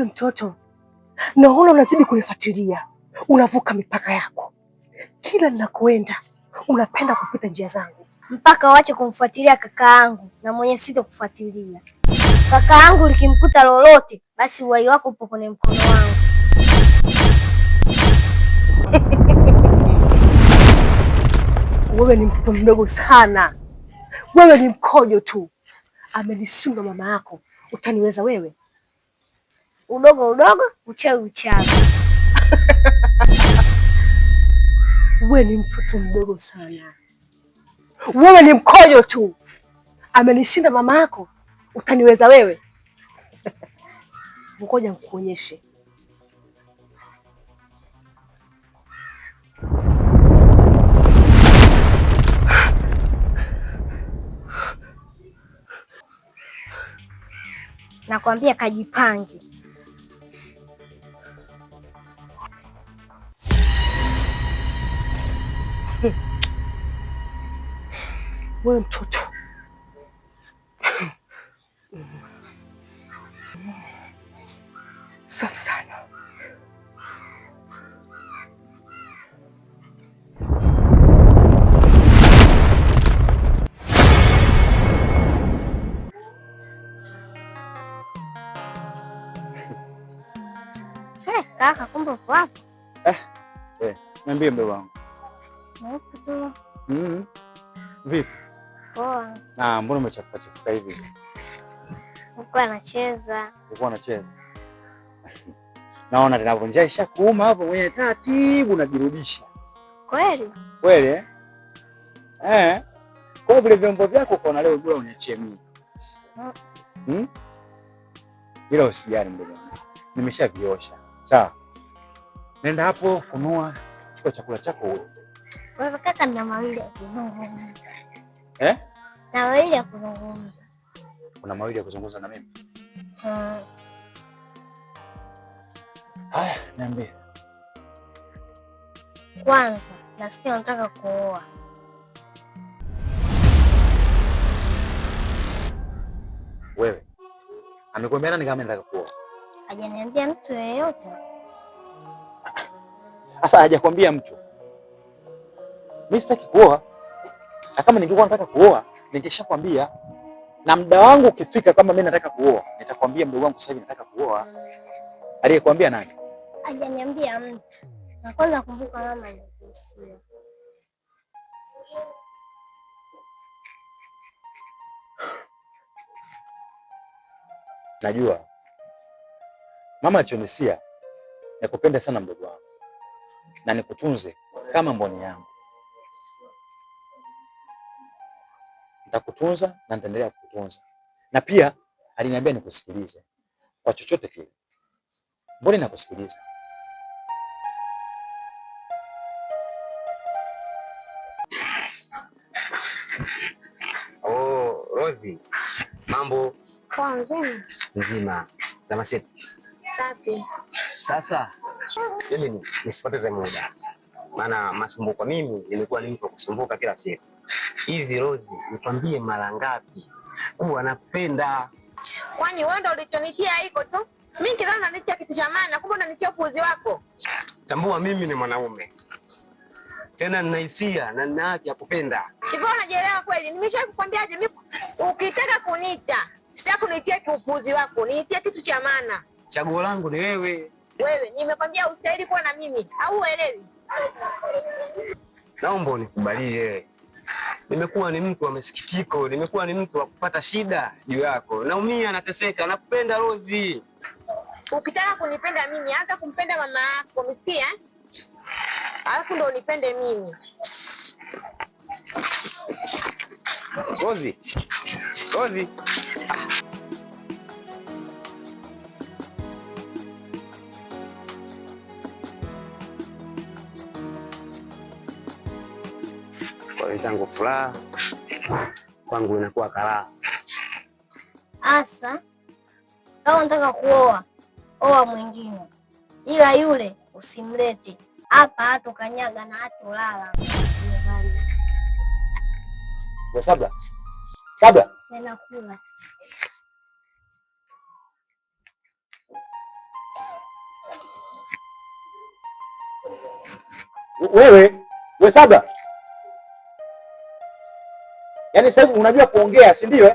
wewe mtoto, naona unazidi kunifuatilia, unavuka mipaka yako. Kila ninakoenda unapenda kupita njia zangu, mpaka uache kumfuatilia kakaangu na mwenye sito kaka kakaangu. Likimkuta lolote, basi uwai wako upo kwenye mkono wangu. Wewe ni mtoto mdogo sana, wewe ni mkojo tu. Amenishinda mama yako, utaniweza wewe? udogo udogo, uchawi uchawi. Wewe ni mtoto mdogo sana, wewe ni mkojo tu. Amenishinda mama yako, utaniweza wewe? Ngoja nikuonyeshe. Nakwambia kajipange. wewe mtoto safi sana. Kaka, kumbe uko hapa? Eh, eh, niambie mdogo wangu. Vipi? Poa. Ah, mbona umechafuka chafuka hivi? Nilikuwa nacheza. Nilikuwa nacheza. Naona linavyo njaa ishakuuma hapo mwenye taratibu najirudisha. Kweli? Kweli eh? Eh. Kwa vile vyombo vyako na leo bora uniachie mimi. Mm. Hmm? Bila usijali mdogo wangu. Nimeshaviosha. Sawa. Nenda hapo funua, chukua chakula chako wewe. Kaka, nina mawili ya kizungu. Eh? na mawili ya kuzungumza. Kuna mawili ya kuzungumza na mimi? Haya, niambie. Kwanza nasikia unataka kuoa. Wewe amekuambia nani kama nataka kuoa? Hajaniambia mtu yeyote. Sasa hajakwambia mtu? Mimi sitaki kuoa na kama ningekuwa nataka kuoa ningeshakwambia, na muda wangu ukifika, kama mimi nataka kuoa nitakwambia, mdogo wangu, sasa hivi nataka kuoa. Aliyekwambia nani? Hajaniambia mtu. Na kwanza kumbuka, mama alikusikia. Najua mama alichonisia, nakupenda sana mdogo wangu, na nikutunze kama mboni yangu nitakutunza na nitaendelea kukutunza. Na pia aliniambia nikusikilize kwa chochote kile. Mbona nakusikiliza? Oh, Rozi. Mambo kwa Mzima mzima. Damaseti safi. Sasa mimi nisipoteze muda, maana masumbuko mimi nimekuwa ni mtu wa kusumbuka kila siku hivi Rozi, nikwambie mara ngapi kuwa napenda? Kwani wewe ndio ulichonitia hiko tu? Mimi kidhani nanitia kitu cha maana, kumbe unanitia upuzi wako. Tambua mimi ni mwanaume tena nina hisia na nina haki ya kupenda. Hivyo unajielewa kweli? Nimesha kukwambiaje? Mimi ukitaka kunita, sitaki kunitia kiupuzi wako, niitie kitu cha maana. Chaguo langu ni wewe. Wewe nimekwambia ustahili kuwa na mimi au uelewi? Naomba unikubalie nimekuwa ni mtu wa masikitiko, nimekuwa ni mtu wa kupata shida juu yako. Naumia, nateseka, nakupenda Rozi. Ukitaka kunipenda mimi, anza kumpenda mama yako, umesikia? Alafu ndo unipende mimi. Rozi. Rozi. wenzangu furaha, kwangu inakuwa karaha. Asa, kama unataka kuoa oa mwingine, ila yule usimlete hapa, hatu kanyaga na hatu lala. Sabla, Sabla, ninakula wewe, we Sabla Yaani sasa hivi unajua kuongea, si ndio?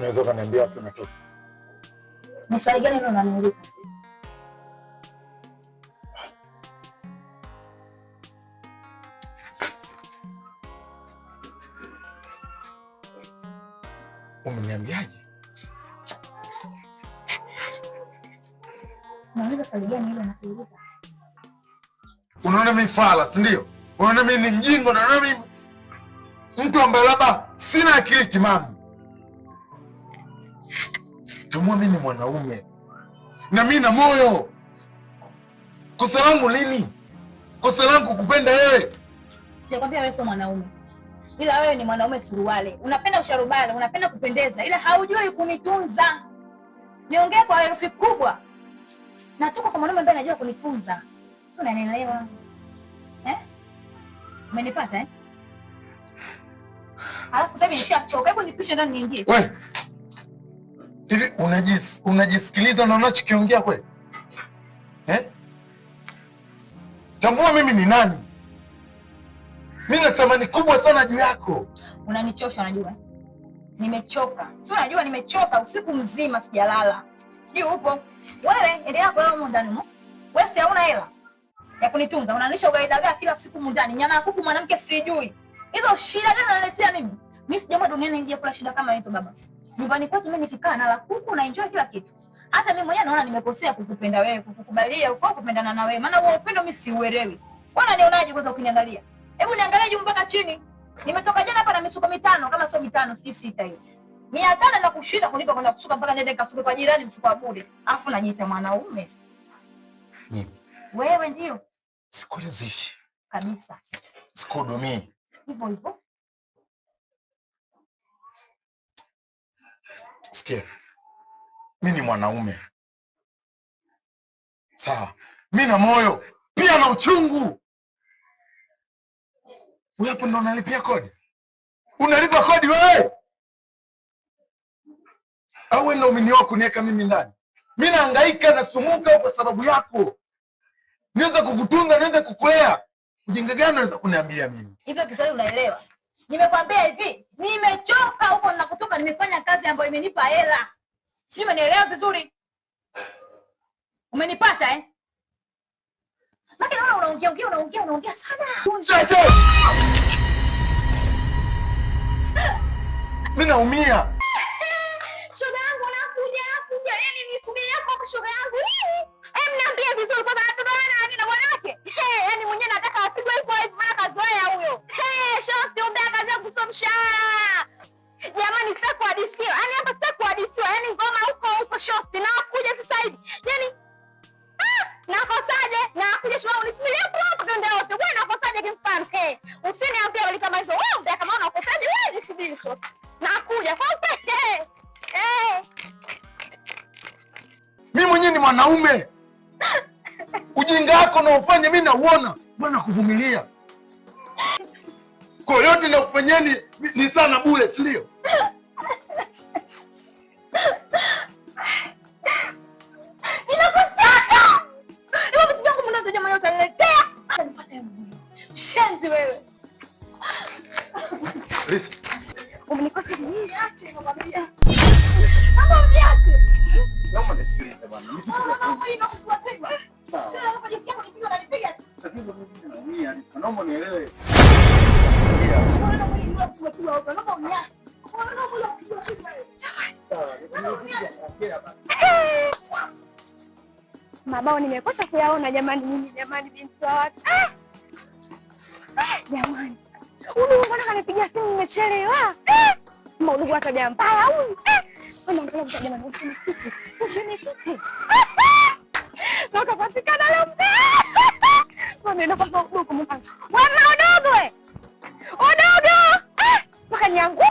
unaweza ukaniambia wapi unatoka? Ni swali gani unaniuliza? Umeniambiaje? Unaona mimi fala, si ndio? Unaona mimi ni mjingo, naona mimi mtu ambaye labda sina akili timamu Tamua mimi ni mwanaume na mimi na moyo. Kosa langu lini? Kosa langu kupenda wewe? Sijakwambia wewe sio mwanaume, ila wewe ni mwanaume suruale, unapenda usharubale, unapenda kupendeza, ila haujui kunitunza. Niongee kwa herufi kubwa, natoka kwa mwanaume ambaye anajua kunitunza, si unanielewa eh? Umenipata eh? Alafu sasa hivi nishachoka, hebu nipishe ndani niingie. Wewe Hivi unajis, unajisikiliza na unachokiongea kweli eh? Tambua mimi ni nani, mimi na thamani kubwa sana juu yako. Unanichosha, unajua nimechoka, si unajua nimechoka, usiku mzima sijalala, sijui upo wewe. Endelea kulala huko ndani, wewe si hauna hela ya kunitunza, unanisha ugali dagaa kila siku mundani, nyama ya kuku mwanamke, sijui hizo shida gani unaletea mimi. Mimi sijaomba duniani nije kula shida kama hizo baba nyumbani kwetu mimi nikikaa na la kuku na enjoy kila kitu. Hata mimi mwenyewe naona nimekosea kukupenda wewe, kukukubalia uko kupendana na wewe. Maana huo upendo mimi siuelewi. Bwana nionaje kwanza ukiniangalia? Hebu niangalie juu mpaka chini. Nimetoka jana hapa na misuko mitano kama sio mitano, si sita hiyo. Mia tano na kushinda kunipa kwenda kusuka mpaka nende kasuka kwa jirani msuko wa bure. Afu najiita mwanaume. Mimi. Wewe ndio. Sikulizishi. Kabisa. Sikuhudumii. Hivyo hivyo. Sikia, mi ni mwanaume sawa, mi na moyo pia na uchungu. Wewe hapo ndo unalipia kodi? Unalipa kodi wewe au wewe ndo umenioa kuniweka mimi ndani? Mi naangaika nasumuka kwa sababu yako, niweza kukutunza niweza kukulea. Ujinga gani unaweza kuniambia mimi hivyo? kiswali unaelewa? Nimekwambia hivi, nimechoka huko ninakotoka, nimefanya kazi ambayo imenipa hela. Sijui umenielewa vizuri? Umenipata eh? Maki naona unaongea ongea unaongea unaongea sana. Tunzete. Mimi naumia. Shoga yangu anakuja anakuja, yani nisubiri hapo shoga yangu. Em, niambie vizuri kwa sababu baba bwana nani na mwanake? Eh, yani mwenyewe nataka apigwe hivyo hivyo maana kazoea huyo. Eh, shoga kuongezwa mshahara. Jamani, sitaki kuhadisiwa, yaani hapa sitaki kuhadisiwa, yaani ngoma huko huko shosti na kuja sasa hivi, yaani ah, nakosaje? Na kuja shwa unisubirie hapo hapo ndio ndio wote. Wewe nakosaje kimfano? Eh, usiniambie wali kama hizo wewe ndio kama unakosaje wewe nisubiri shosti. Nakuja kwa upe. Eh. Mimi mwenyewe ni mwanaume. Ujinga wako na ufanye mimi nauona. Bwana kuvumilia. Kwa yote na kufanyeni ni sana bure, si ndio? Mabao nimekosa kuyaona jamani, mimi jamani, binti wa watu jamani, huyu mbona kanipigia simu nimechelewa? Maulugu wa tabia huyu. Nakapatikana wewe. 娘。